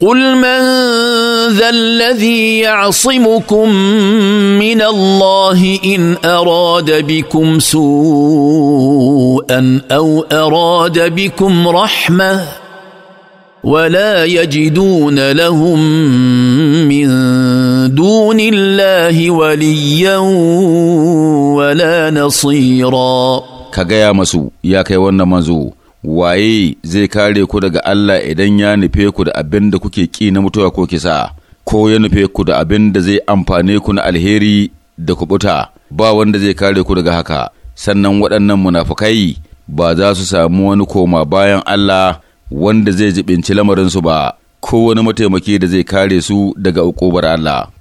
قل من ذا الذي يعصمكم من الله ان اراد بكم سوءا او اراد بكم رحمه ولا يجدون لهم من دون الله وليا ولا نصيرا كجايا مسو يا كي ونمزو waye zai kare ku daga Allah idan ya nufe ku da abin da kuke ƙi na mutuwa ko kisa, ko ya nufe ku da abin da zai amfane ku na alheri da kuɓuta, ba wanda zai kare ku daga haka, sannan waɗannan munafukai ba za su samu wani koma bayan Allah wanda zai jibinci lamarinsu ba, ko wani mataimaki da zai kare su daga uƙubar Allah.